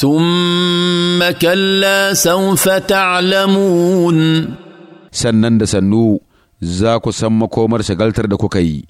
ثم كلا سوف تعلمون سنن سنو زاكو سمكو مرسى غلتر دكوكي